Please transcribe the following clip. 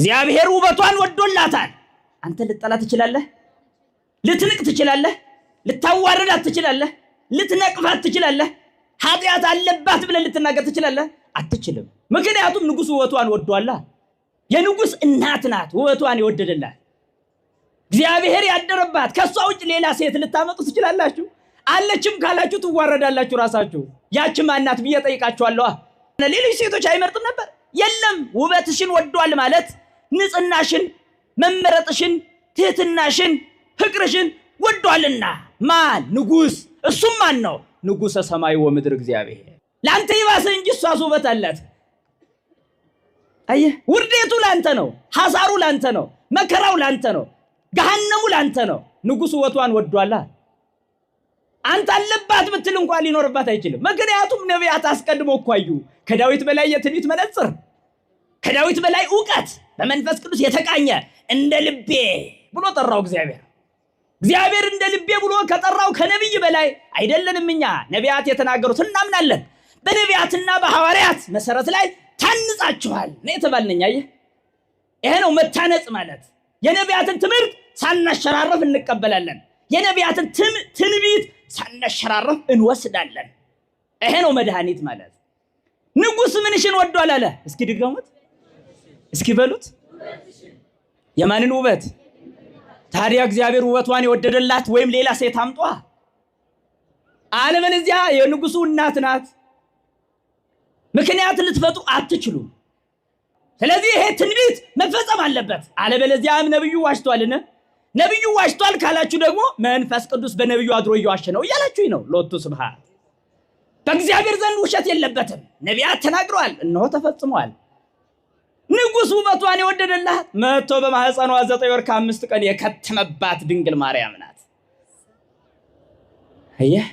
እግዚአብሔር ውበቷን ወዶላታል። አንተ ልትጠላት ትችላለህ፣ ልትንቅ ትችላለህ፣ ልታዋርዳት ትችላለህ፣ ልትነቅፋት ትችላለህ፣ ኃጢአት አለባት ብለን ልትናገር ትችላለህ? አትችልም። ምክንያቱም ንጉሥ ውበቷን ወዷላ። የንጉሥ እናት ናት ውበቷን የወደደላት እግዚአብሔር ያደረባት። ከእሷ ውጭ ሌላ ሴት ልታመጡ ትችላላችሁ? አለችም ካላችሁ ትዋረዳላችሁ። ራሳችሁ ያች ማናት ብዬ ጠይቃችኋለዋ። ሌሎች ሴቶች አይመርጥም ነበር? የለም ውበትሽን ወዷል ማለት ንጽናሽን፣ መመረጥሽን፣ ትህትናሽን፣ ፍቅርሽን ወዷልና። ማን ንጉሥ? እሱም ማን ነው? ንጉሠ ሰማይ ወምድር እግዚአብሔር። ለአንተ ይባሰ እንጂ እሷ ውበት አላት። አየህ፣ ውርዴቱ ላንተ ነው፣ ሐሳሩ ላንተ ነው፣ መከራው ላንተ ነው፣ ገሃነሙ ላንተ ነው። ንጉሥ ውበቷን ወዷላ። አንተ አለባት ብትል እንኳን ሊኖርባት አይችልም። ምክንያቱም ነቢያት አስቀድሞ እኮ አዩ። ከዳዊት በላይ የትንቢት መነጽር፣ ከዳዊት በላይ እውቀት በመንፈስ ቅዱስ የተቃኘ እንደ ልቤ ብሎ ጠራው እግዚአብሔር። እግዚአብሔር እንደ ልቤ ብሎ ከጠራው ከነቢይ በላይ አይደለንም እኛ። ነቢያት የተናገሩት እናምናለን። በነቢያትና በሐዋርያት መሰረት ላይ ታንጻችኋል ነው የተባልን እኛ። ይህ ይሄ ነው መታነጽ ማለት። የነቢያትን ትምህርት ሳናሸራረፍ እንቀበላለን። የነቢያትን ትንቢት ሳናሸራረፍ እንወስዳለን። ይሄ ነው መድኃኒት ማለት። ንጉሥ ምንሽን ወዷል አለ። እስኪ ድገሙት። እስኪ በሉት የማንን ውበት? ታዲያ እግዚአብሔር ውበቷን የወደደላት ወይም ሌላ ሴት አምጧ? አለበለዚያ የንጉሱ እናት ናት። ምክንያት ልትፈጡ አትችሉም። ስለዚህ ይሄ ትንቢት መፈጸም አለበት። አለበለዚያም ነብዩ ዋሽቷልን ነብዩ ዋሽቷል ካላችሁ ደግሞ መንፈስ ቅዱስ በነብዩ አድሮ እየዋሸ ነው እያላችሁ ነው። ሎቱ ስብሃት በእግዚአብሔር ዘንድ ውሸት የለበትም። ነቢያት ተናግረዋል፣ እነሆ ተፈጽመዋል። ንጉሥ ውበቷን የወደደላት መቶ በማህፀኗ ዘጠኝ ወር ከአምስት ቀን የከተመባት ድንግል ማርያም ናት። አየህ